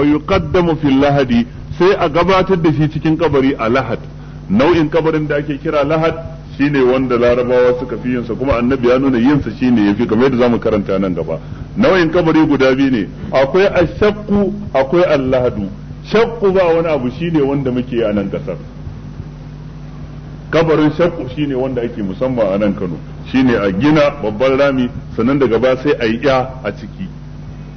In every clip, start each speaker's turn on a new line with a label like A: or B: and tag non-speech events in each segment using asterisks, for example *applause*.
A: wa yuqaddamu fil lahadi sai a gabatar da shi cikin kabari a lahad nau'in kabarin da ake kira lahad shine wanda larabawa suka fi yinsa kuma annabi ya nuna yinsa shine yafi kamar yadda zamu karanta nan gaba nau'in kabari guda biyu ne akwai ashaqqu akwai allahadu shaqqu ba wani abu shine wanda muke a nan kasar kabarin shakku shine wanda ake musamman a nan Kano shine a gina babban rami sannan daga ba sai a yi ya a ciki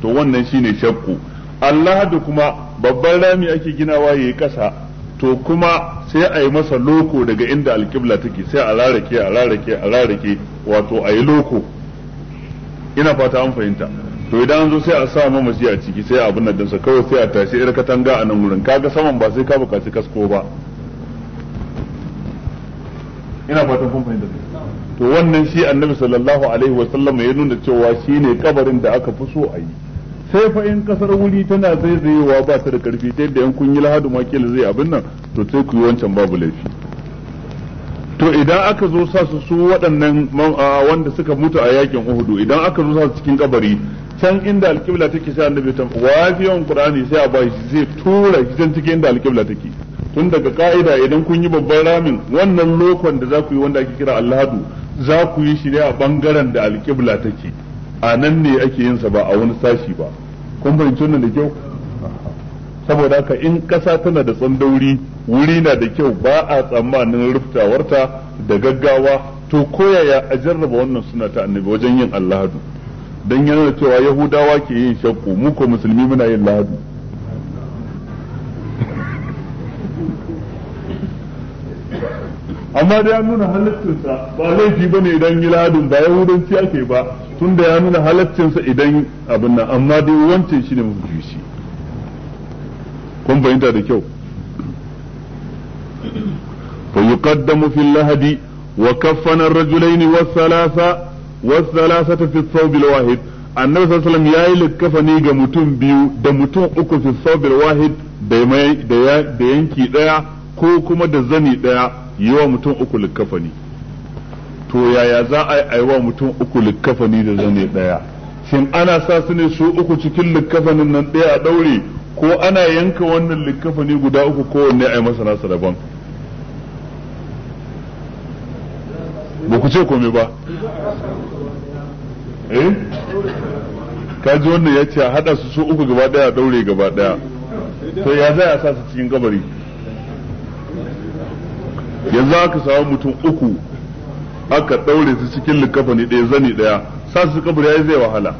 A: to wannan shine shakku Allah da kuma babban rami ake ginawa yi kasa to kuma sai a yi masa loko daga inda alƙibla take sai a rarake a rarake a rarake wato a yi loko ina fata an fahimta to idan an zo sai a sa mamaci a ciki sai abin nan dinsa kawai sai a tashi ir katanga a nan wurin kaga saman ba sai ka bukaci kasko ba ina fatan kun fahimta to wannan shi annabi sallallahu alaihi wa sallam ya nuna cewa shine kabarin da aka fi so a yi sai fa in kasar wuri tana zaizayewa ba ta da karfi ta yadda yankun kun yi lahadu ma kila zai abin nan to sai ku yi wancan babu laifi to idan aka zo sa su su waɗannan wanda suka mutu a yakin Uhudu idan aka zo sa su cikin kabari can inda alƙibla take sai annabi ta yawan qur'ani sai a bashi zai tura shi can cikin inda alƙibla take tun daga ka'ida idan kun yi babban ramin wannan lokon da za ku yi wanda ake kira alhadu za ku yi shi ne a bangaren da alƙibla take a nan ne ake yin sa ba a wani sashi ba kun fahimci wannan da kyau saboda haka in ƙasa tana da tsandauri wuri na da kyau ba a tsammanin ruftawarta da gaggawa to koyaya a jarraba wannan suna ta annabi wajen yin allahadu don yana cewa yahudawa ke yin shakku mu ko musulmi muna yin lahadu amma da ya nuna halaccinsa ba laifi ne idan yi ladin ba yahudanci ake ba tun da ya nuna halaccinsa idan abin nan amma dai wancan shi ne mafi shi kun fahimta da kyau fa yuqaddamu fil lahadi wa kaffana ar-rajulayn was-salasa ta fi thawb al-wahid annabi sallallahu alaihi wasallam yayi ne ga mutum biyu da mutum uku fi thawb al-wahid da yanki daya ko kuma da zani ɗaya yi wa mutum uku likkafani to yaya za a yi wa mutum uku likkafani da zani ɗaya shin ana sa su ne su uku cikin likkafanin nan ɗaya a ɗaure ko ana yanka wannan likkafani guda uku kowanne a yi masa nasa daban ba ku ce komai ba eh kaji wannan ya ce a hada su su uku gaba ɗaya a ɗaure gaba ɗaya to ya za a sa su cikin gabari? yanzu aka samu mutum uku aka ɗaure su cikin likafani ɗaya zani ɗaya sa su ya yi zai wahala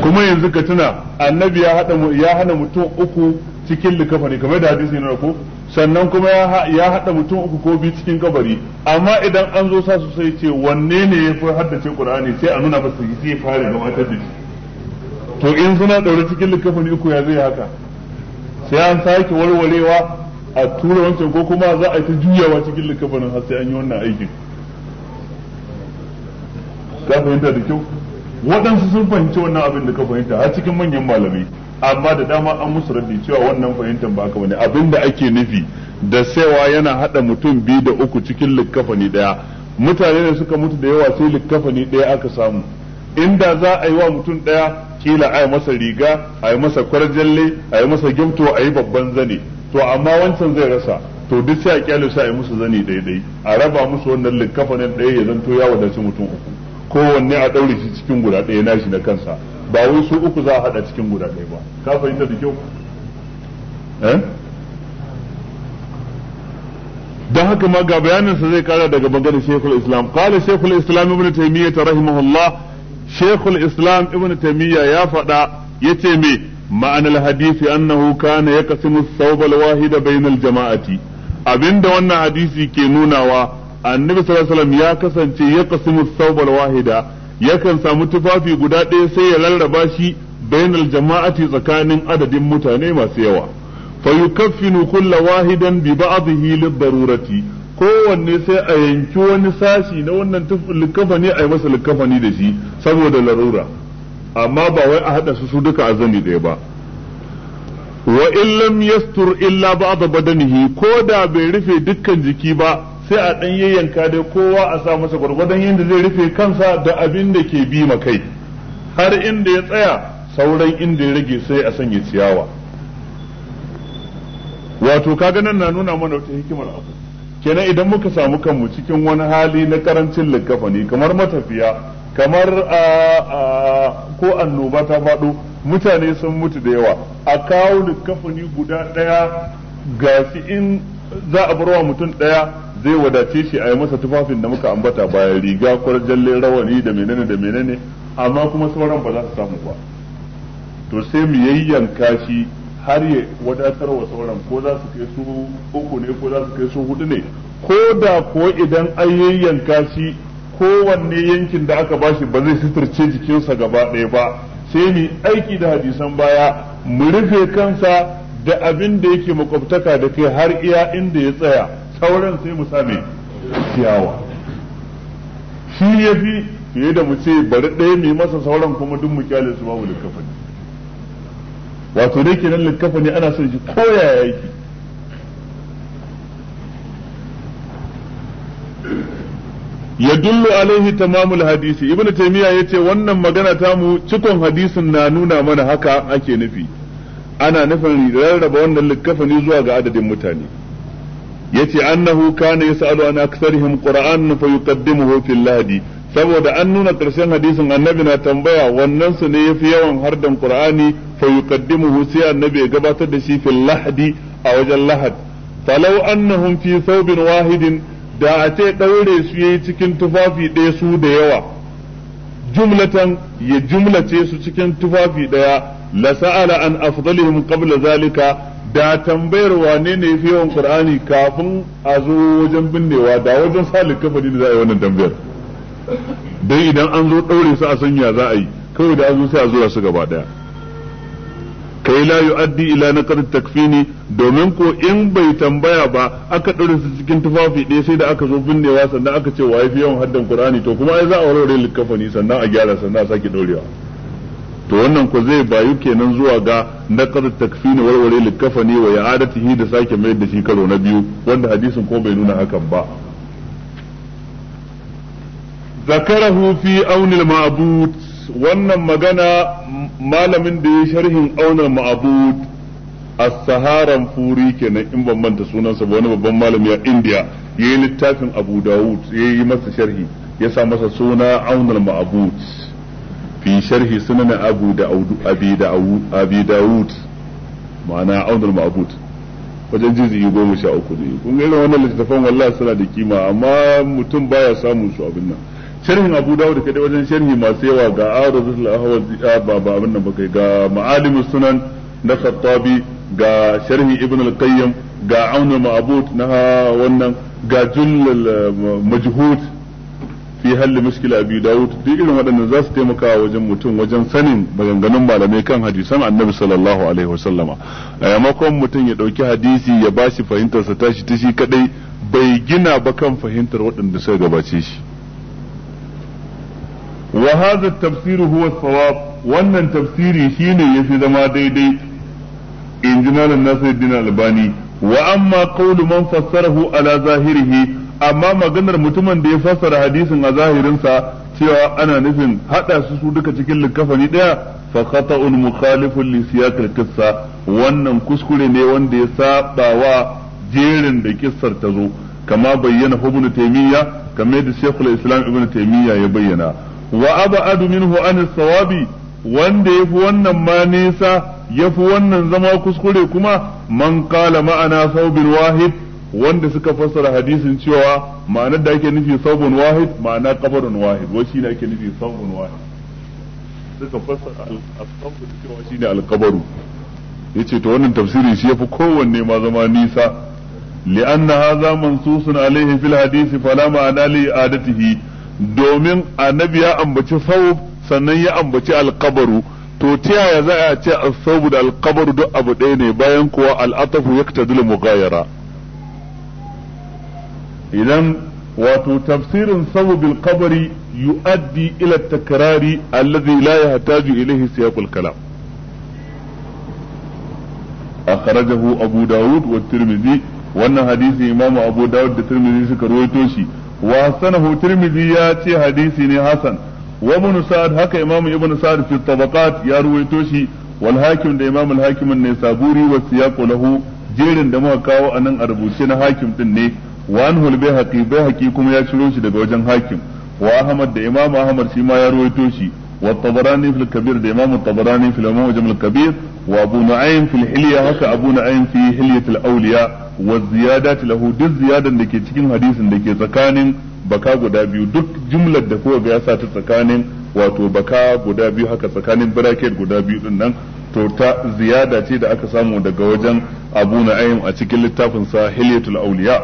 A: kuma yanzu ka tuna annabi ya hada ya hana mutum uku cikin likafani kamar da hadisi ne ko sannan kuma ya hada mutum uku ko biyu cikin kabari amma idan an zo sa su sai ce wanne ne ya fi haddace qur'ani sai a nuna masa sai ya fara gabatar da to in suna daure cikin likafani uku ya zai haka sai an sake warwarewa a tura wancan ko kuma za a yi ta juyawa cikin likafanin har sai an yi wannan aikin ka fahimta da kyau waɗansu sun fahimci wannan abin da ka fahimta har cikin manyan malamai amma da dama an musu rabbi cewa wannan fahimtar ba ka bane abin da ake nufi da saiwa yana haɗa mutum biyu da uku cikin likafani ɗaya. mutane da suka mutu da yawa sai likafani ɗaya aka samu inda za a yi wa mutum ɗaya kila a yi masa riga a yi masa kwarjalle a yi masa gimto a yi babban zane to amma wancan zai rasa to duk sai a kyale su a yi musu zani daidai a raba musu wannan ne ɗaya ya zanto ya wadace mutum uku kowanne a ɗaure shi cikin guda ɗaya nashi na kansa ba wai su uku za a haɗa cikin guda ɗaya ba ka fahimta da kyau eh? don haka ma ga bayanin sa zai kara daga maganar Sheikhul islam kala Sheikhul islam ibn taimiyya ta rahimahullah Sheikhul islam ibn taimiyya ya faɗa ya ce me معنى الحديث أنه كان يقسم الثوب wahida bainar jama'ati abinda wannan hadisi ke nunawa annabi sallallahu alaihi ya kasance ya kasimu wahida yakan samu tufafi guda ɗaya sai ya rarraba shi bainar jama'ati tsakanin adadin mutane masu yawa fa yukaffinu kulla wahidan bi ba'dihi lid-darurati kowanne sai a yanki wani sashi na wannan likafani a yi masa likafani da shi saboda larura amma ba wai a haɗa su duka a zani ɗaya ba wa in lam yastur illa ba'da badanihi ko da bai rufe dukkan jiki ba sai a ɗan yayyanka dai kowa a sa masa gwargwadon yadda zai rufe kansa da abin da ke bi ma kai har inda ya tsaya sauran inda ya rage sai a sanya ciyawa wato kaga nan na nuna mana wata hikimar abu kenan idan muka samu kanmu cikin wani hali na karancin likkafani kamar matafiya kamar ko annoba ta faɗo mutane sun mutu da yawa a kawo likafani guda ɗaya ga shi in za a barwa mutum ɗaya zai wadace shi a yi masa tufafin da muka ambata bayan riga kwarjalle rawani da menene da menene amma kuma sauran ba za su samu ba to sai mu yayyanka shi har ya wadatar wa sauran ko za su kai su uku ne ko za su kai su hudu ne ko da ko idan an yayyanka shi kowanne yankin da aka bashi ba zai suturce jikinsa gaba ɗaya ba sai mu aiki da hadisan baya mu rufe kansa da abin da yake makwabtaka da kai har iya inda ya tsaya sauran sai mu same ciyawa shi ya fi fiye da mu ce bari ɗaya mai masa sauran kuma duk mu kyale su babu likkafa wato dai kenan likkafa ana son shi koyaya yake yadullu alaihi tamamul hadisi ibn taymiya yace wannan magana ta mu cikon hadisin na nuna mana haka ake nufi ana nufin rarraba wannan likkafani zuwa ga adadin mutane yace annahu kana yasalu an aktharihim qur'an fa yuqaddimuhu fil ladi saboda an nuna karshen hadisin annabi na tambaya wannan su ne yafi yawan hardan qur'ani fa yuqaddimuhu sai annabi ya gabatar da shi fil lahdi a wajen lahad falau annahum fi thawbin wahidin da a ce ɗaure su yi cikin tufafi ɗaya su da yawa jumlatan ya jumlace su cikin tufafi ɗaya la sa'ala an afdalihim qabla zalika da tambayar wane ne fi yawan qur'ani kafin a zo wajen binnewa da wajen sa kafari da za a yi wannan tambayar dai idan an zo ɗaure su a sanya za a yi kawai da an zo sai a zura su gaba ɗaya kai la yu'addi ila naqd takfini domin ko in bai tambaya ba aka dore su cikin tufafi ɗaya sai da aka zo binnewa sannan aka ce wai fi yawan haddan qur'ani to kuma ai za a warware likafani sannan a gyara sannan a sake dorewa to wannan ko zai bayu kenan zuwa ga naqd takfini warware likafani wa ya'adatihi da sake mai da shi karo na biyu wanda hadisin ko bai nuna hakan ba ذكره في أون المعبود wannan magana malamin da ya sharhin aunar ma'abud a saharan furi kenan in ban manta sunansa ba wani babban malami a India yi littafin Abu Dawud yi masa sharhi ya sa masa suna aunar ma'abud fi sharhi na Abu da Abi Dawud ma'ana aunar ma'abud wajen jizi'i goma sha uku ne kun ga wannan littafan wallah suna da kima amma mutum baya samun su abin nan sharhin abu dawud kai dai wajen sharhi masu yawa ga arzul ahwaz ba ba abin nan bakai ga ma'alim sunan na khattabi ga sharhi ibn al-qayyim ga aunul ma'bud na wannan ga jullul majhud fi halli mushkila abi dawud duk irin waɗannan za su taimaka wajen mutum wajen sanin maganganun malamai kan hadisan annabi sallallahu alaihi a yamakon mutum ya ɗauki hadisi ya bashi fahimtarsa tashi ta shi kadai bai gina ba kan fahimtar waɗanda suka gabace shi wa hadha at huwa sawab wannan tafsiri shine yafi zama daidai in ji malam Nasiruddin Albani wa amma qawlu man fassarahu ala zahirihi amma maganar mutumin da ya fassara hadisin a zahirinsa cewa ana nufin hada su su duka cikin likafani daya fa khata'un mukhalifun li siyaq al-qissa wannan kuskure ne wanda ya saba wa jerin da kissar ta zo kama bayyana ibn taymiya kamar da shaykhul islam ibn taymiya ya bayyana wa ab'adu minhu an sawabi wanda yafi wannan ma nisa yafi wannan zama kuskure kuma man qala ma'ana saubin wahid wanda suka fassara hadisin cewa ma'anar da ake nufi saubin wahid ma'ana qabrun wahid wai ne ake nufi saubin wahid suka fassara al-qabru cewa ne al-qabru yace to wannan tafsiri shi yafi kowanne ma zama nisa li'anna hadha mansusun alaihi fil hadisi fala ma'ana li adatihi domin annabi ya ambaci saub sannan ya ambaci alkabaru to ta yaya za a ce asabu da alkabaru duk abu ɗaya ne bayan kuwa al'atafu dila mugayara. idan wato tafsirin sabu bil qabri yu'addi ila takrari alladhi la yahtaju ilayhi siyaq kalam akhrajahu abu daud wa tirmidhi wannan hadisi imamu abu daud da tirmidhi suka rawaito shi wa sanahu tirmidhi ya ce hadisi ne hasan wa ibn sa'ad haka imamu ibn sa'ad fi tabaqat ya ruwaito shi walhakim da imamul hakim ne saburi wa siyaqu lahu jerin da muka kawo a nan a rubuce na hakim ɗin ne wa an hul bayhaqi bayhaqi kuma ya ciro shi daga wajen hakim wa ahmad da imamu ahmad shi ma ya ruwaito shi wa tabarani fil kabir da imamu tabarani fil mawjam al wa abu nu'aym fil hilya haka abu nu'aym fi hilyatil wa ziyadat lahu duk ziyadan da ke cikin hadisin da ke tsakanin baka guda biyu duk jumlar da kowa ya sa ta tsakanin wato baka guda biyu haka tsakanin bracket guda biyu din nan to ta ziyada ce da aka samu daga wajen Abu Na'im a cikin littafin sa Hilyatul Awliya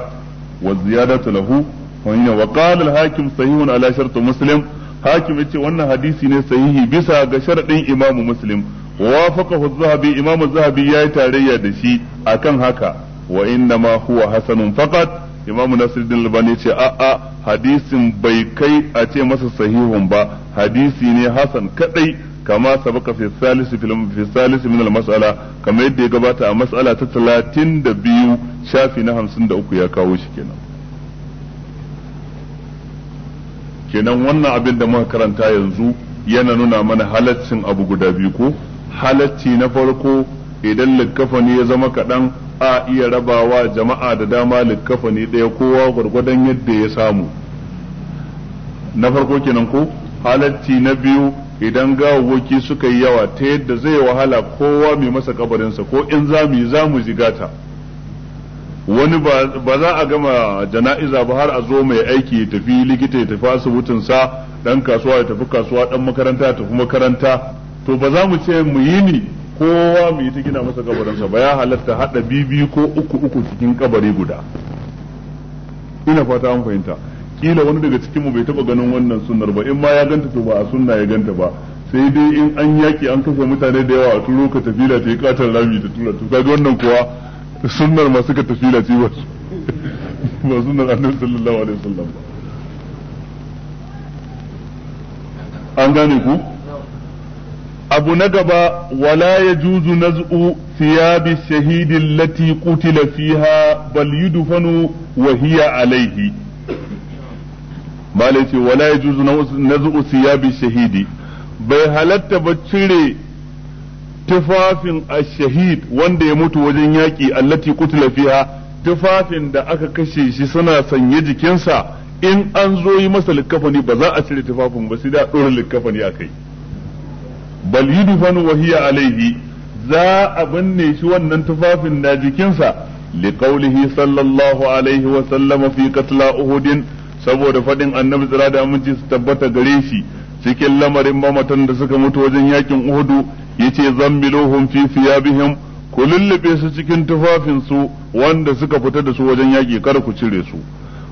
A: wa ziyadatu lahu wa inna wa qala al-hakim sahihun ala shart muslim hakim yace wannan hadisi ne sahihi bisa ga sharadin imamu Muslim wa wafaqahu az-Zahabi Imam az-Zahabi yayi tarayya da shi akan haka wa ma huwa hasanun faqat imamu nasiruddin albani ce a a hadisin bai kai a ce masa sahihun ba hadisi ne hasan kadai kama sabaka fi salisu fi salisu min almas'ala kamar yadda ya gabata a mas'ala ta 32 shafi na 53 ya kawo shi kenan kenan wannan abin da muka karanta yanzu yana nuna mana halaccin abu guda biyu ko halacci na farko idan ne ya zama kaɗan a iya rabawa jama'a da dama likkafani ɗaya kowa gwargwadon yadda ya samu na farko kenan ko halatti na biyu idan gawawwaki suka yi yawa ta yadda zai wahala kowa mai masa kabarinsa ko in za mu yi za mu zigata wani ba za a gama jana'iza ba har a zo mai aiki ya tafi likita ya tafi asibitin sa dan kasuwa ya tafi kasuwa dan makaranta ya tafi makaranta to ba za mu ce mu yi ni kowa mu yi ta gina masa kabarinsa ba ya halatta haɗa bibi ko uku uku cikin kabari guda ina fata an fahimta kila wani daga cikin mu bai taba ganin wannan sunnar ba in ma ya ganta to ba a sunna ya ganta ba sai dai in an yaki an kashe mutane da yawa a turo ka tafila ta yi katon rami ta tura to kaga wannan kuwa sunnar masu ka tafila ce ba ba sunnar annabi sallallahu alaihi wasallam ba an gane ku abu na gaba wala ya yajuzu naz'u thiyabi shahidin Lati qutila fiha bal yudfanu wa hiya alaihi. malai ce wala ya yajuzu naz'u thiyabi shahidi bai halatta ba cire tufafin ash-shahid wanda ya mutu wajen yaki allati qutila fiha tufafin da aka kashe shi suna sanye jikinsa in an zo yi masa likafani ba za a cire tufafin ba sai da dora likafani kai. bal yudfanu wa hiya alaihi za a binne shi wannan tufafin na jikinsa qawlihi sallallahu alaihi wa sallama fi qatla uhudin saboda fadin annabi tsira da aminci su tabbata gare shi cikin lamarin mamatan da suka mutu wajen yakin uhudu yace zammiluhum fi thiyabihim ku lullube su cikin tufafin su wanda suka fita da su wajen yaki kar ku cire su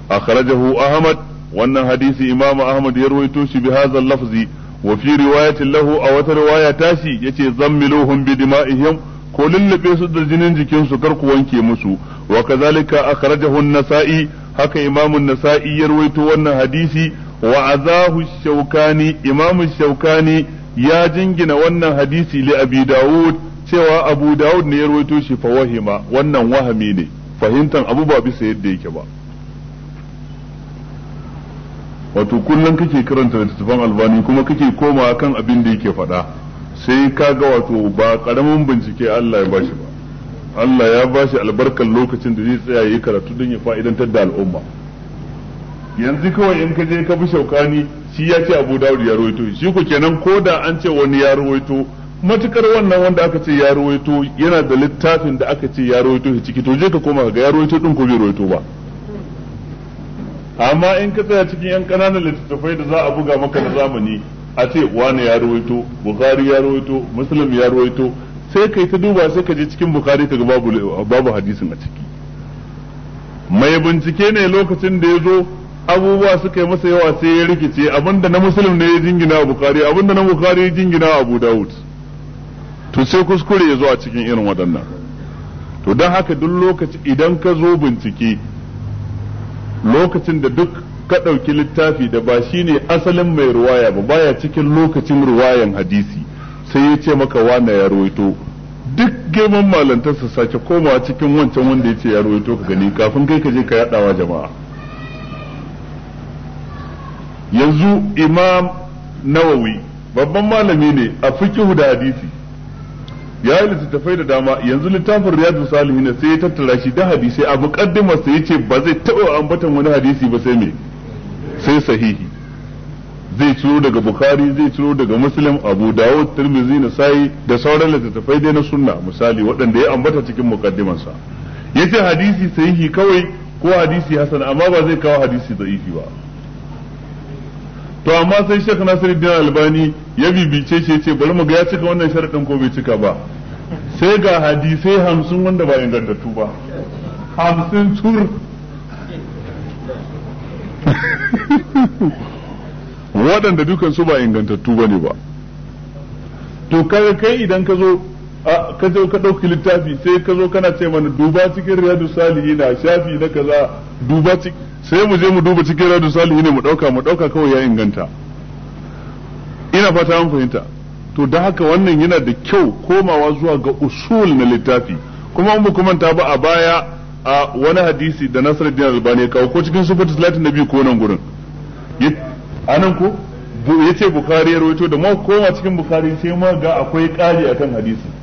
A: akhrajahu ahmad wannan hadisi imamu ahmad ya shi bi hadha lafzi wa fi riwayatin lahu a wata riwaya tashi yace zammiluhum bi dima'ihim ko lullube su da jinin jikin su kar ku wanke musu wa kazalika akhrajahu an-nasa'i haka imamun nasa'i ya wannan hadisi wa azahu shaukani imamu shaukani ya jingina wannan hadisi li abi dawud cewa abu dawud ne ya rawaito shi fa wahima wannan wahami ne fahimtan abu ba bisa yadda yake ba wato kullum kake karanta littattafan albani kuma kake koma kan abin da yake faɗa sai kaga wato ba karamin bincike Allah ya bashi ba Allah ya bashi albarkar lokacin da zai tsaya yi karatu don ya fa'idantar da al'umma yanzu kawai in ka je ka bi shaukani shi ya ce Abu Dawud ya rawaito shi ko kenan ko da an ce wani ya rawaito matukar wannan wanda aka ce ya rawaito yana da littafin da aka ce ya rawaito shi ciki to je ka koma ga ya rawaito din ko bai rawaito ba amma in ka tsaya cikin yan kananan littattafai da za a buga maka na zamani a ce wani ya rawaito bukhari ya rawaito muslim ya rawaito sai kai ta duba sai ka je cikin bukhari kaga babu babu hadisin a ciki mai bincike ne lokacin da ya zo abubuwa suka yi masa yawa sai ya rikice abinda na muslim ne ya jingina bukhari abinda na bukhari ya jingina abu dawud to sai kuskure ya zo a cikin irin waɗannan to don haka duk lokaci idan ka zo bincike lokacin da duk ka ɗauki littafi da ba shi ne asalin mai ruwaya ba baya cikin lokacin ruwayan hadisi sai ya ce maka wane ya rawaito duk girman malantarsa sace komawa cikin wancan wanda ya ce ya ruwaito ka gani kafin kai ka je ka yaɗawa jama'a yanzu imam nawawi babban malami ne a fikihu da hadisi ya yi littattafai da dama yanzu littafin riyadu ne sai ya tattara shi da hadisi a mukaddimar sa yace ba zai taɓa ambatan wani hadisi ba sai me sai sahihi zai ciro daga bukhari zai ciro daga muslim abu dawud tirmidhi nasai da sauran littattafai dai na sunna misali waɗanda ya ambata cikin mukaddimar sa yace hadisi sahihi kawai ko hadisi hasan amma ba zai kawo hadisi za'ifi ba to amma sai Sheikh Nasiruddin Albani ya bibice shi yace bari mu ga ya cika wannan sharadin ko bai cika ba sai ga hadisai hamsin wanda ba ingantattu ba hamsin tur *laughs* waɗanda dukansu ba ingantattu ba ne ba to kai idan ka zo a ka zo ka ɗauki littafi sai ka zo kana ce mana duba cikin riyadu na shafi na kaza duba sai mu je mu duba cikin riyadu ne mu ɗauka mu ɗauka kawai ya inganta ina fata an fahimta to da haka wannan yana da kyau komawa zuwa ga usul na littafi kuma in ku manta ba a baya a wani hadisi da Nasiruddin Albani ya kawo ko cikin sifatu salatin nabi ko nan gurin anan ko yace Bukhari ya rawaito da ma koma cikin Bukhari sai ma ga akwai kari akan hadisi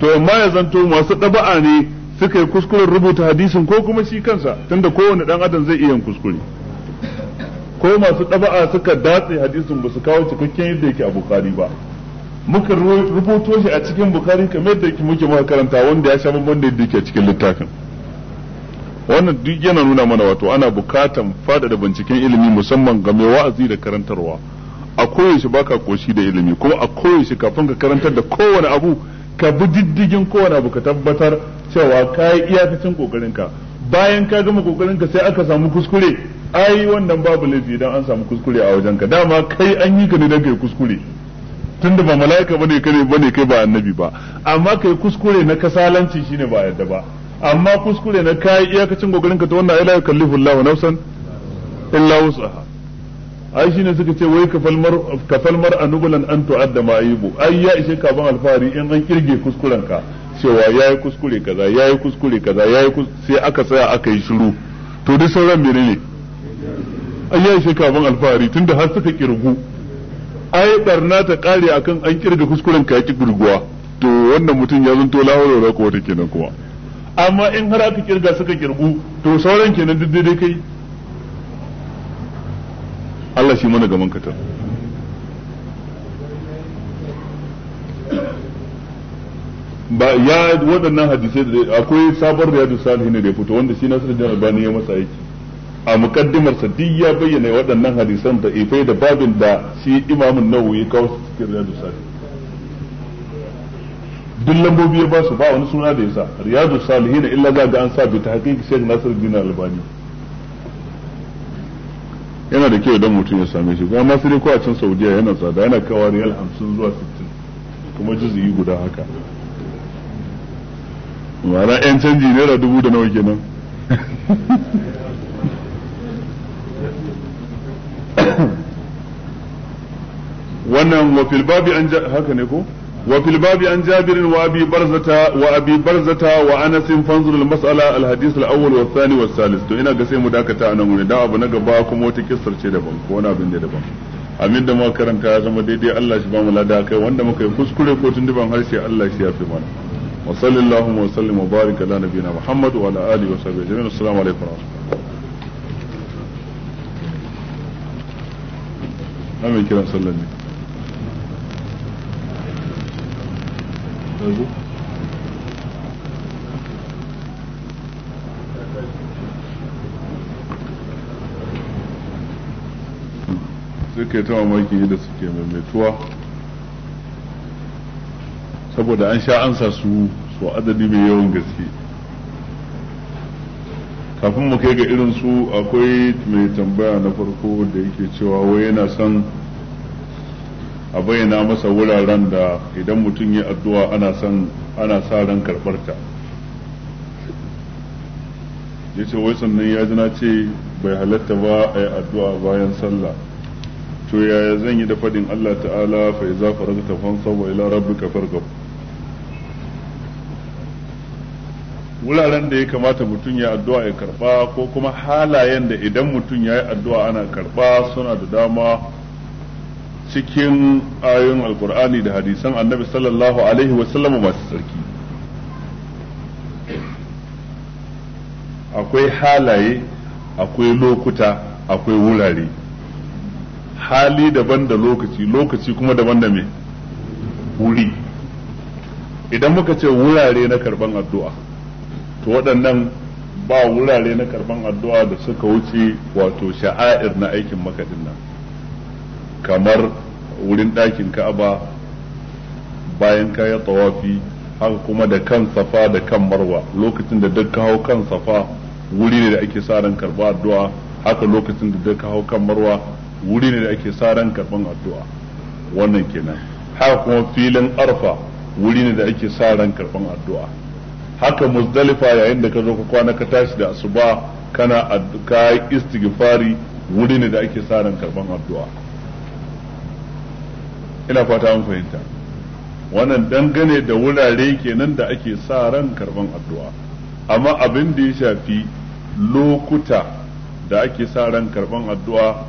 A: to amma ya zanto masu ɗaba'a ne suka yi kuskuren rubuta hadisin ko kuma shi kansa tunda kowane dan adam zai iya kuskure ko masu ɗaba'a suka datse hadisin ba su kawo cikakken yadda yake a bukari ba muka rubuto shi a cikin bukari kamar yadda yake muke muka karanta wanda ya sha bambam da yadda yake a cikin littafin wannan duk yana nuna mana wato ana bukatan faɗaɗa binciken ilimi musamman game wa'azi da karantarwa a koyaushe baka koshi da ilimi kuma a koyaushe kafin ka karantar da kowane abu ka bi diddigin kowane abu ka tabbatar cewa ka yi iyakacin kokarinka bayan ka gama kokarinka sai aka samu kuskure ai wannan babu laifi idan an samu kuskure a wajenka dama kai an yi ka ne don kai kuskure tunda ba mala'ika bane kai bane kai ba annabi ba amma kai kuskure na kasalanci shine ba yadda ba amma kuskure na kai iyakacin kokarinka to wannan ai la yukallifu Allahu nafsan illa wus'aha ai ne suka ce wai ka falmar a nubulan anubulan an tu'adda ma'ayibu ai ya ishe ka ban alfahari in an kirge kuskuren ka cewa yi kuskure kaza yi kuskure kaza yayi sai aka tsaya aka yi shiru to duk sauran ne. ai ya ishe ka ban alfahari tunda har suka kirgu ai barna ta kare akan an kirge kuskuren ka yaki gurguwa to wannan mutum ya zanto lawar da ko take kenan kuma amma in har aka kirga suka kirgu to sauran kenan duk daidai kai Allah shi mana gaman katar ba ya waɗannan hadisai da akwai sabar riyadu salihin da ya fito wanda shi nasiru jan albani ya masa aiki a mukaddimar sa duk ya bayyana waɗannan hadisan da ifai da babin da shi imamun nawawi ya kawo cikin riyadu salihin duk lambobi ya ba su ba wani suna da yasa riyadu salihin illa za ga an sa bi ta haƙiƙi shek nasiru jan albani yana da kyau idan mutum ya same shi kuma sai dai ko a can Saudiya yana tsada yana kawo riyal hamsin zuwa 60 kuma juzuyi guda haka ma'ana yan canji naira dubu da nawa kenan *coughs* wannan wafil babu babi an haka ne ko وفي الباب عن جابر وابي برزة وابي برزة وانس فانظر المسألة الحديث الاول والثاني والثالث تو ina ga sai mu dakata anan mun da abu na gaba kuma wata kissar ce daban ko wani abin da daban amin da muka ya zama daidai Allah shi ba mu lada kai wanda muka yi kuskure ko tunduban harshe Allah shi ya fi mana wa sallallahu wa sallim wa barik ala nabiyina wa ala wa kiran sallan ne yanzu suke ta mamaki da suke maimaituwa saboda an sha ansa su su adadi mai yawan gaske kafin mu kai ga irin su akwai mai tambaya na farko da yake cewa wai yana son a bayyana masa wuraren da idan mutum ya addu'a ana san ana sa ran karɓarta ya ce wai sannan ya ji ce bai halatta ba a yi addu'a bayan sallah to yaya zan yi da faɗin Allah ta'ala fa iza faragta fansa wa ila rabbika farghab wuraren da ya kamata mutum ya addu'a ya karba ko kuma halayen da idan mutum ya yi addu'a ana karba suna da dama cikin ayoyin alkur'ani da hadisan annabi sallallahu alaihi wasallam masu sarki akwai halaye akwai lokuta akwai wurare hali daban da lokaci lokaci kuma daban da me wuri idan muka ce wurare na karban addu'a to waɗannan ba wurare na karban addu'a da suka wuce wato sha'air na aikin makaɗin nan kamar wurin ɗakin ka'aba bayan ka yi tawafi haka kuma da kan safa da kan marwa lokacin da duk ka hau kan safa wuri ne da ake sa ran karɓar addu'a haka lokacin da duk ka hau kan marwa wuri ne da ake sa ran karɓar addu'a wannan kenan haka kuma filin arfa wuri ne da ake sa ran karɓar addu'a haka muzdalifa yayin da ka zo ka kwana ka tashi da asuba kana ka istighfari wuri ne da ake sa ran karɓar addu'a ina fata an fahimta wannan dangane da wurare kenan da ake sa ran karban addu'a amma abin da ya shafi lokuta da ake sa ran karban addu'a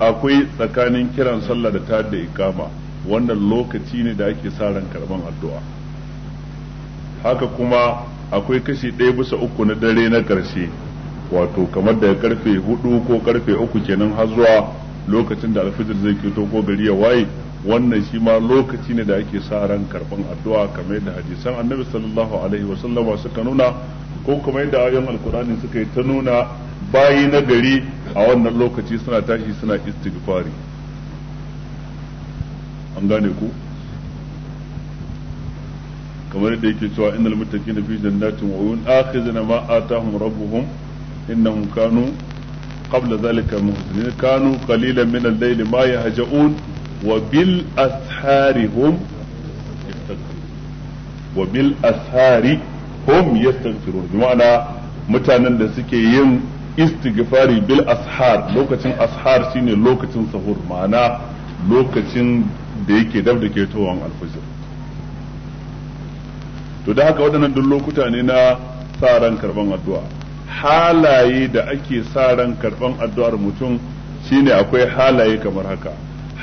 A: akwai tsakanin kiran sallah da ta da ikama wannan lokaci ne da ake sa ran karban addu'a haka kuma akwai kashi ɗaya bisa uku na dare na ƙarshe wato kamar da karfe hudu ko karfe uku kenan har zuwa lokacin da alfijir zai ko gari ya waye wannan shi ma lokaci ne da ake sa ran karban addu'a kamar yadda hadisan annabi sallallahu alaihi wasallama suka nuna ko kuma yadda ayoyin alkur'ani suka yi ta nuna bayi na gari a wannan lokaci suna tashi suna istighfari an gane ku kamar yadda yake cewa innal muttaqina fi jannatin wa yun akhizna ma atahum rabbuhum innahum kanu qabla zalika muhsinin kanu qalilan min al-layli ma yahja'un wa bil ashari hum wa bil ashari hum yastaghfirun bi ma'ana mutanen da suke yin istighfari bil ashar lokacin ashar shine lokacin sahur ma'ana lokacin da yake dab da ke towan alfajir to da haka waɗannan duk lokuta ne na sa ran karban addu'a halaye da ake sa ran karban addu'ar mutum shine akwai halaye kamar haka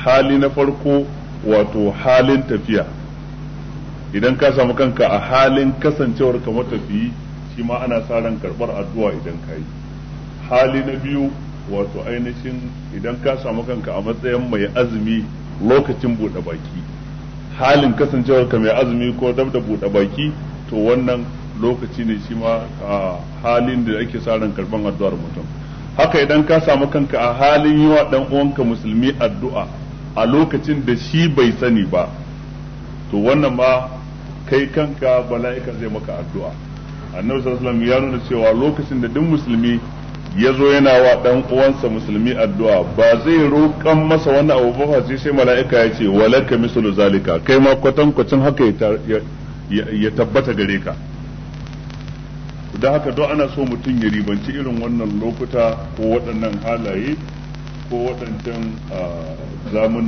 A: hali na farko wato halin tafiya idan ka samu kanka a halin kasancewar ka matafiyi shi ma ana sa ran karbar addu'a idan ka yi hali na biyu wato ainihin idan ka samu kanka a matsayin mai azumi lokacin buɗe baki halin kasancewar ka mai azumi ko dab da buɗe baki to wannan lokaci ne shi ma a halin da ake sa ran karban addu'ar mutum haka idan ka samu kanka a halin yi wa ɗan uwanka musulmi addu'a a lokacin da shi bai sani ba to wannan ma kai kanka bala'ika zai maka addu'a annabi sallallahu alaihi wasallam ya nuna cewa lokacin da duk musulmi ya zo yana wa dan uwansa musulmi addu'a ba zai roƙan masa wani abu ba sai sai mala'ika ya ce walaka mislu zalika kai ma kwatankwacin haka ya tabbata gare ka da haka don ana so mutum ya ribanci irin wannan lokuta ko waɗannan halaye ko waɗancan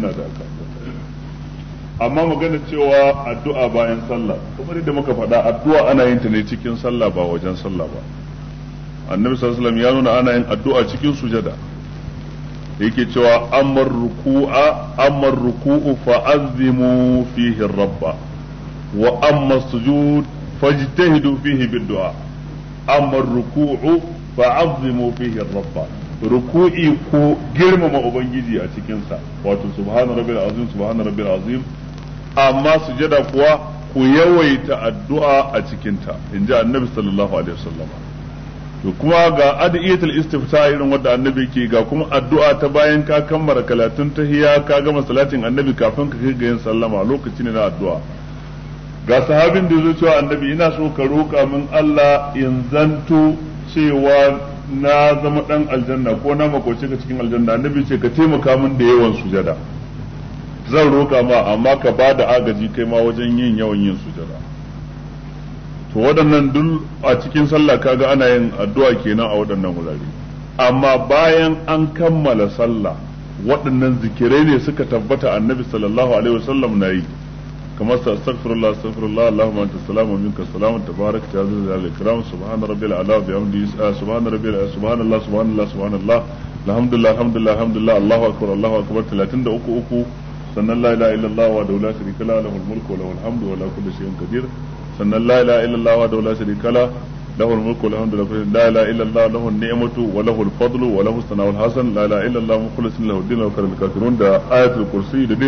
A: na da amma magana cewa addu'a bayan sallah kamar yadda muka faɗa addu'a ana yin ta ne cikin sallah ba wajen sallah ba annabi sallallahu ya nuna ana yin addu'a cikin sujada yake cewa amar ruku'a amar ruku'u fa azimu fihi rabba wa amma sujud fajtahidu fihi bid du'a amar ruku'u fa azimu fihi rabba ruku'i ko girmama ubangiji a cikinsa wato subhana rabbil azim subhana rabbil azim amma sujada kuwa ku yawaita addu'a a cikinta in ji annabi sallallahu alaihi wasallam to kuma ga adiyatul istifta irin wanda annabi ke ga kuma addu'a ta bayan ka kammala kalatun tahiyya ka gama salatin annabi kafin ka kai yin sallama lokaci ne na addu'a ga sahabin da ya cewa annabi ina so ka roka min Allah in zanto cewa na zama dan aljanna ko na makoci ka cikin aljanna annabi ce ka taimaka min da yawan sujada zan roka ma amma ka ba da agaji kai ma wajen yin yawan yin sujada to waɗannan duk a cikin sallah kaga ana yin addu'a kenan a waɗannan wurare amma bayan an kammala sallah waɗannan zikirai ne suka tabbata annabi sallallahu alaihi wasallam na yi كما استغفر الله استغفر الله اللهم انت السلام ومنك السلام تبارك يا ذا الاكرام سبحان ربي العلا بحمده آه، سبحان ربي العلا سبحان الله سبحان الله سبحان الله الحمد لله الحمد لله الحمد لله الله اكبر الله اكبر 33 سن لا اله الا الله وحده لا شريك له له الملك وله الحمد ولا كل شيء قدير سن لا اله الا الله وحده لا شريك له له الملك وله الحمد لا اله الا الله له النعمة وله الفضل وله الثناء الحسن لا اله الا الله مخلص له الدين وكرم الكافرون ده آية الكرسي ده دي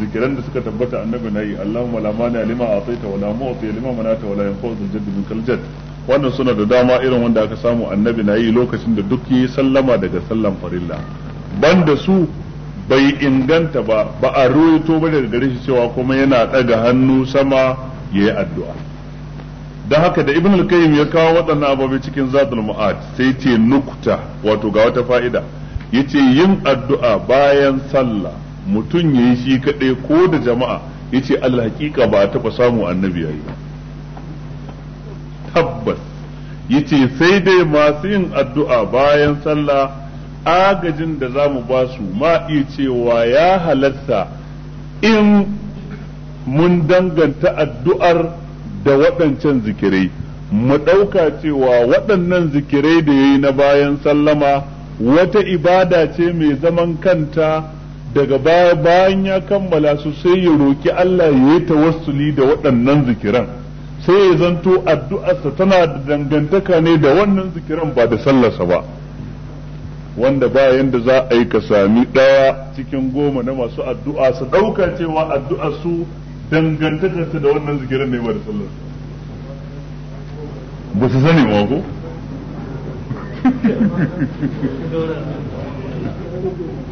A: zikiran da suka tabbata annabi na yi Allahumma la mani lima ataita wa la mu'ti lima manata wa la yanfa'u dhul min kaljad wannan suna da dama irin wanda aka samu annabi na yi lokacin da duk yi sallama daga sallan farilla banda su bai inganta ba ba a ruwaito ba daga gare shi cewa kuma yana daga hannu sama yayi addu'a dan haka da ibn al-qayyim ya kawo waɗannan ababe cikin zadul mu'ad sai ce nukta wato ga wata fa'ida yace yin addu'a bayan sallah mutum ya yi shi kaɗai ko da jama'a ya ce Allah hakika ba a taɓa samu annabi ya yi ba tabbas ya ce sai dai masu yin addu'a bayan sallah agajin da za mu ba su ma iya cewa ya halatta in mun danganta addu'ar da waɗancan zikirai mu ɗauka cewa waɗannan zikirai da ya yi na bayan sallama wata ibada ce mai zaman kanta daga baya bayan ya kammala su sai ya roki Allah ya yi tawassuli da waɗannan zikiran sai ya zanto addu'arsa tana da dangantaka ne da wannan zikiran ba da sallarsa ba wanda bayan da za a yi ka sami ɗaya cikin goma na masu addu'a su ɗauka cewa addu'a su dangantakarsa da wannan zikiran ne ba da sallasa. ba su sani ma ko *laughs*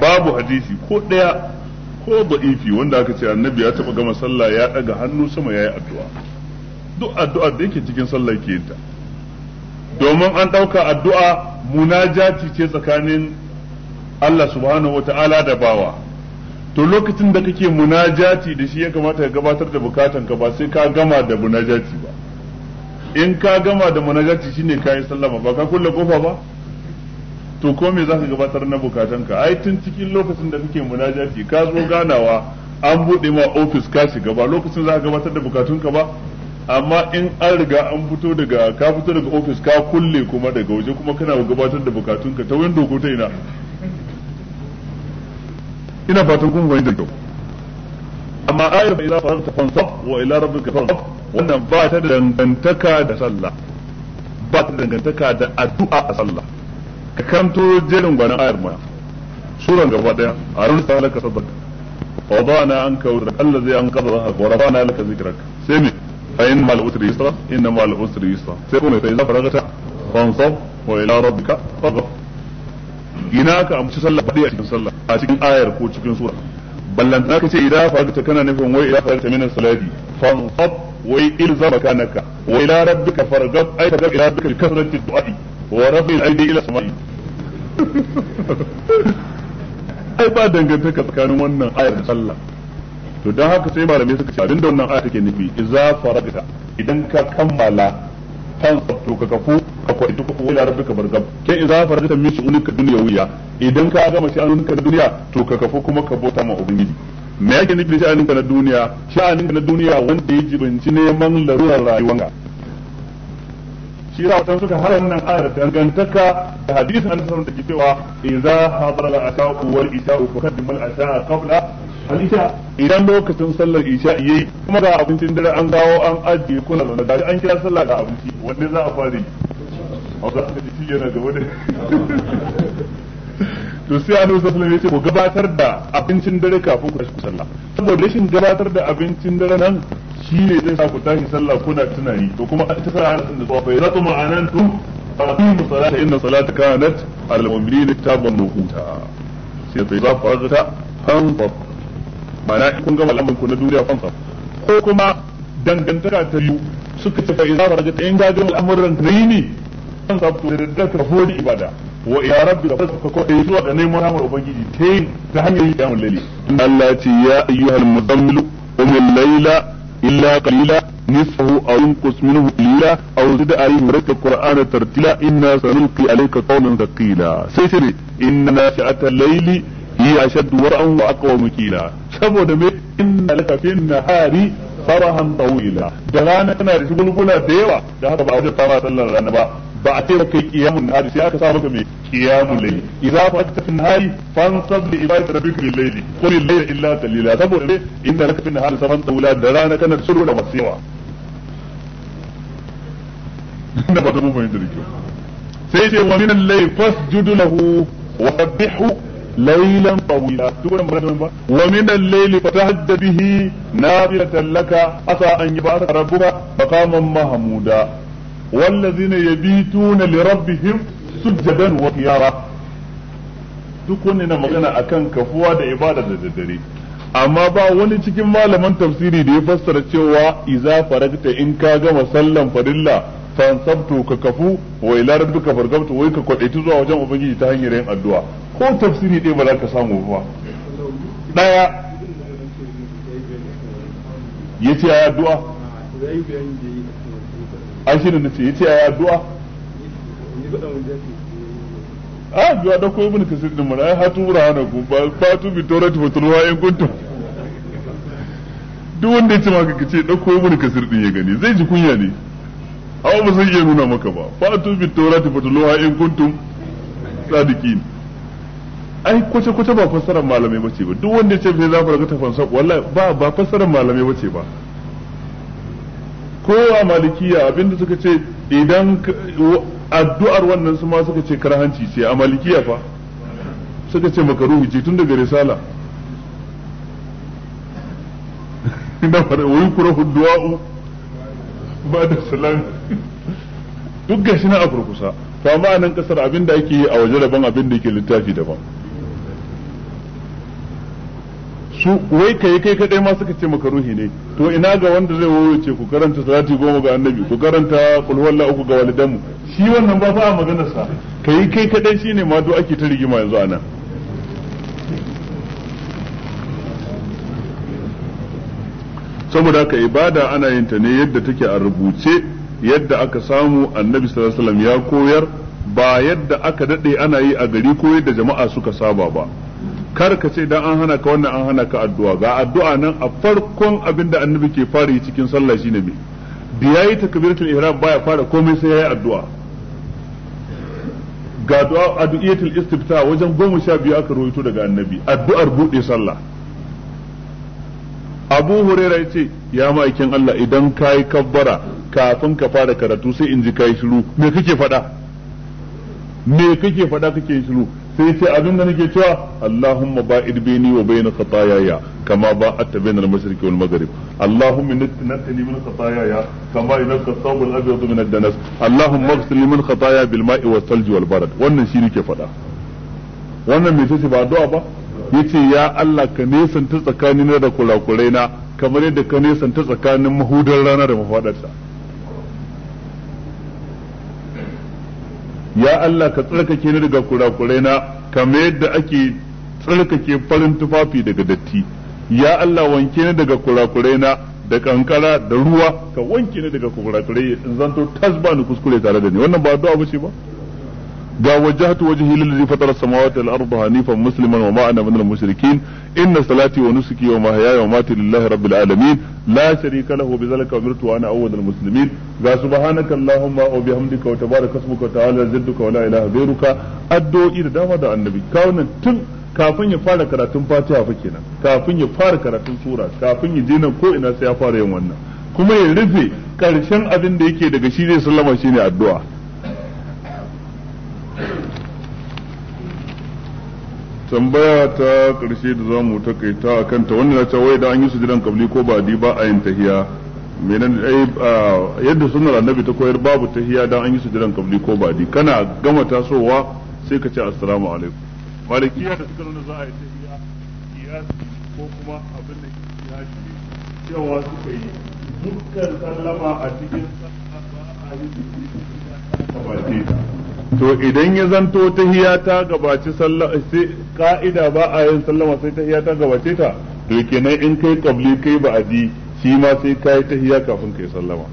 A: babu hadisi ko ɗaya ko da'ifi wanda aka ce annabi ya taɓa gama sallah ya ɗaga hannu sama ya yi addu'a duk addu'a da yake cikin sallah ke ta domin an ɗauka addu'a munajati ce tsakanin Allah subhanahu wa ta'ala da bawa to lokacin da kake munajati da shi ya kamata ka gabatar da bukatan ka ba sai ka gama da munajati ba in ka gama da munajati shine yi sallama ba ka kulle kofa ba to ko me zaka gabatar na bukatanka ai tun cikin lokacin da kake munajati ka zo ganawa an bude ma office ka shiga ba lokacin zaka gabatar da bukatunka ba amma in an riga an fito daga ka fito daga office ka kulle kuma daga waje kuma kana gabatar da bukatunka ta window ko ta ina ina fatan kun gani da kyau amma ayar bai za faranta fansab wa ila rabbika fansab wannan ba ta da dangantaka da sallah ba ta da dangantaka da addu'a a sallah ka karanto jerin gwanin ayar mana suran gaba daya a ran sa laka sadaka wa bana an ka wuzra Allah zai an kaza zaka wa rabana laka zikrak sai me fa in mal usri yusra inna mal usri yusra sai kuma fa idza faragata fansab wa ila rabbika farghab ina ka amci sallah bade a cikin sallah a cikin ayar ko cikin sura ballantana ka kace idan faragata kana nufin wai idan ta minan salati fansab wai ilzama kanaka wa ila rabbika farghab ai ka ga ila rabbika kasratu du'a'i wa rabbil aidi ila samai ai ba dangantaka tsakanin wannan ayar da sallah to don haka sai malamai suka ce abinda wannan aya take nufi idza faragta idan ka kammala kan to ka kafu ka kwaitu ka wala rabbika bargab ke idza faragta min shu'unika dunyawiya idan ka gama sha'aninka na duniya to ka kafu kuma ka bota ma ubangiji me yake nufi sha'aninka na duniya sha'aninka na duniya wanda ya jibanci neman larurar rayuwanka shi yasa wata suka har wannan ayar dangantaka da hadisin annabi sallallahu alaihi cewa idza hadara al-asha'u wal isha'u faqaddimu al-asha'a qabla al-isha idan lokacin sallar isha yayi kuma ga abincin dare an gawo an ajiye kuna da dare an kira sallah ga abinci wanda za a fara yi hausa da shi yana da wani to sai annabi sallallahu alaihi wasallam ku gabatar da abincin dare kafin ku tashi sallah saboda rashin gabatar da abincin dare nan shi ne zai sa ku tashi sallah kuna tunani to kuma ita sa ana sun da tsawa bai zato ma'anan tu aqimu salata inna salata kanat alal mu'minina kitaban mawquta sai fa za ku azata fanfa mana kun ga malamin ku na duniya fanfa ko kuma dangantaka ta biyu suka ce fa idza rajata in ga dal amran rayni an sabtu da dakkar hodi ibada wa ya rabbi da fasa ko dai zuwa da neman ramar ubangiji ta ta hanyar yi da mulali Allah ya ce ya ayyuhal mudammilu umil layla إلا قليلا نصفه أو ينقص منه قليلا أو زد عليه مرك القرآن ترتيلا إنا سنلقي عليك قولا ثقيلا سيسري إن ناشئة الليل هي أشد ورعا وأقوى مكيلا سبود إن لك في النهار فرحا طويلا جلانا كنا رشغل فلا ديوة جهة بعض الطرات اللي ba a sai kai kiyamun nahari sai aka sa maka mai kiyamun layli idza fa'alta fi nahari fansab li ibadati rabbika bil layli qul al layla illa qalila saboda ne inda raka fi nahari saban tawla da rana kana shiru da wasiwa da ba ta mu bayin da sai ce wa min al-layl fasjudu lahu wa sabbihu ليلا طويلا تقول مرة ومن الليل فتهجد به نافلة لك عسى أن يبعثك ربك مقاما محمودا والذين يبيتون لربهم سجدا وقيارا wa duk na magana akan kafuwa da ibada da daddare amma ba wani cikin malaman tafsiri da ya fassara cewa iza faragta in ka gama sallan farilla fansabtu ka kafu wa ila rabbika fargabtu wai ka kwadaitu zuwa wajen ubangiji ta hanyar yin addu'a ko tafsiri ɗaya ba za ka samu ba daya yace addu'a an shi da nace yace ayi addu'a a ah, addu'a da kuma ibn kasir din mara hatu hana ku ba tu bi tawrat wa tulwa in kuntum duk wanda ya ce maka kace dauko ibn kasir din ya gani zai ji kunya ne aw ba zai iya nuna maka ba fa tu bi tawrat wa tulwa in kuntum sadiqin ai kwace kwace ba fassarar malamai bace ba duk wanda ya ce bai za ku raga tafansa wallahi ba ba fassarar malamai bace ba kowa malikiya abinda suka ce idan addu'ar wannan su ma suka ce karhanci ce a malikiya fa suka ce makaruhi ce tun daga risala ina *laughs* fara wai kura du'a'u ba da salam duk gashi na a kurkusa to amma a nan kasar abinda ake yi a waje daban abinda yake littafi daban su wai kai kai kadai ma suka ce makaruhi ne to ina ga wanda zai ce ku karanta salati goma ga annabi ku karanta qul huwallahu uku ga walidanmu shi wannan ba fa maganar sa kai kai kadai shine ma do ake ta rigima yanzu anan saboda haka ibada ana yin ta ne yadda take a rubuce yadda aka samu annabi sallallahu alaihi ya koyar ba yadda aka dade ana yi a gari ko yadda jama'a suka saba ba kar ka ce dan an hana ka wannan an hana ka addu'a ga addu'a nan a farkon abin da annabi ke fara yi cikin sallah shine me da yayi takbiratul ihram baya fara komai sai yayi addu'a ga addu'a addu'iyatul wajen goma sha biyu aka rawaito daga annabi addu'ar bude sallah abu huraira ya ce ya ma'aikin Allah idan ka kabbara kafin ka fara karatu sai in ji ka shiru me kake faɗa me kake faɗa kake shiru sai ce abinda nake cewa Allahumma ba'id baini wa baina khataayaya kama ba'adta baina al-mashriqi wal maghrib Allahumma nas'ali min khataayaya kama yanqa thawb al-abyad min ad-danas Allahumma ighfir li min khataaya bil ma'i was thalji wal barad wannan shi nake faɗa wannan me sai ba addu'a ba yace ya Allah ka nesanta tsakanina da kurakurai na kamar yadda ka nesanta tsakanin mahudar rana da mafadarsa ya Allah ka tsarkake ni daga kurakurai na kamar yadda ake tsarkake farin tufafi daga datti ya Allah wanke ni daga kurakurai na da kankara da ruwa ka wanke ni daga kurakurai in zanto tasba ni kuskure tare da ni wannan ba addu'a ba ga wajhatu wajhi lillazi fatara samawati wal arda hanifan musliman wa ma ana minal mushrikin inna salati wa nusuki wa mahyaya wa mamati lillahi rabbil alamin la sharika lahu bi zalika umirtu wa ana awwalul muslimin ga subhanaka allahumma wa bihamdika wa tabaraka ismuka ta'ala jadduka wa la ilaha ghayruka addu'o'i da dama da annabi kawunan tun kafin ya fara karatun fatiha fa kenan kafin ya fara karatun sura kafin ya je nan ko ina sai ya fara yin wannan kuma ya rufe karshen abin da yake daga shi zai sallama shine addu'a tambaya ta karshe da za mu takaita a kanta wanda na ce wai da an yi su jiran kabli ko ba di ba a yin tahiya menan eh, yadda sunnar annabi ta koyar babu tahiya dan an yi su jiran kabli ko ba di kana gama tasowa sai ka ce assalamu alaikum malikiya da suka nuna za a yi tahiya kiyasi ko kuma abin da ya shi cewa suka yi dukkan sallama a cikin sallah ba a yi sujudan kabli to idan ya zanto tahiya ta gabaci sallah sai ka'ida ba a yin sallama sai tahiya ta gabace ta to kenan in kai kabli kai ba'adi shi ma sai kai hiyata kafin kai sallama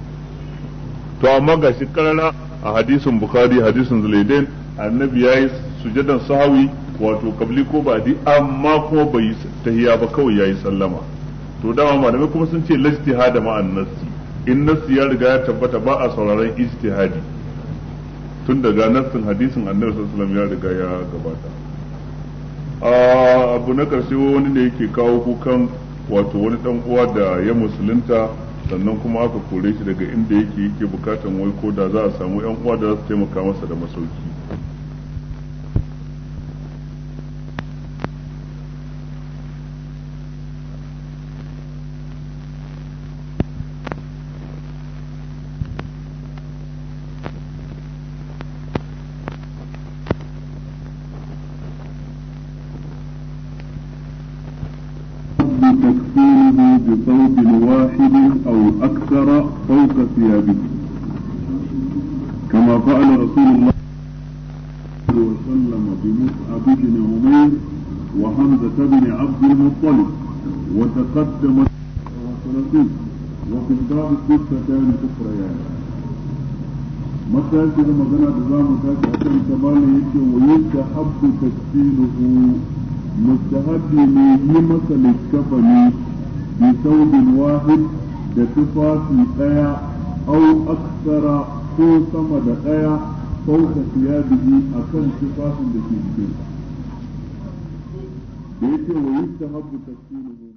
A: to amma ga shi karara a hadisin bukhari hadisin zulaidain annabi ya yayi sujadan sahawi wato kabli ko ba'adi amma kuma bai ta tahiya ba kawai yayi sallama to dama malamai kuma sun ce lajtihada ma'an nassi in nassi ya riga ya tabbata ba a sauraron ijtihadi tun daga nassin hadisin annabi sallallahu alaihi ya riga ya gabata a abu na karshe wani ne yake kawo kukan wato wani dan uwa da ya musulunta sannan kuma aka kore shi daga inda yake yake bukatan wai ko da za a samu yan uwa da za su taimaka masa da masauki فوق ثيابه كما فعل رسول الله صلى الله عليه وسلم بمصعب بن عمير وحمزة بن عبد المطلب وتقدم وثلاثين وفي الباب ستتان كفريان متى كده مغنى بزام تاكي حسن كمالي يجي ويستحب تكفيله مستحب مثل الكفن بثوب واحد da tufafi ɗaya au aksara ko sama da ɗaya fauka siyabihi a kan tufafin da ke jikin da yake wa yi ta habu tafsirin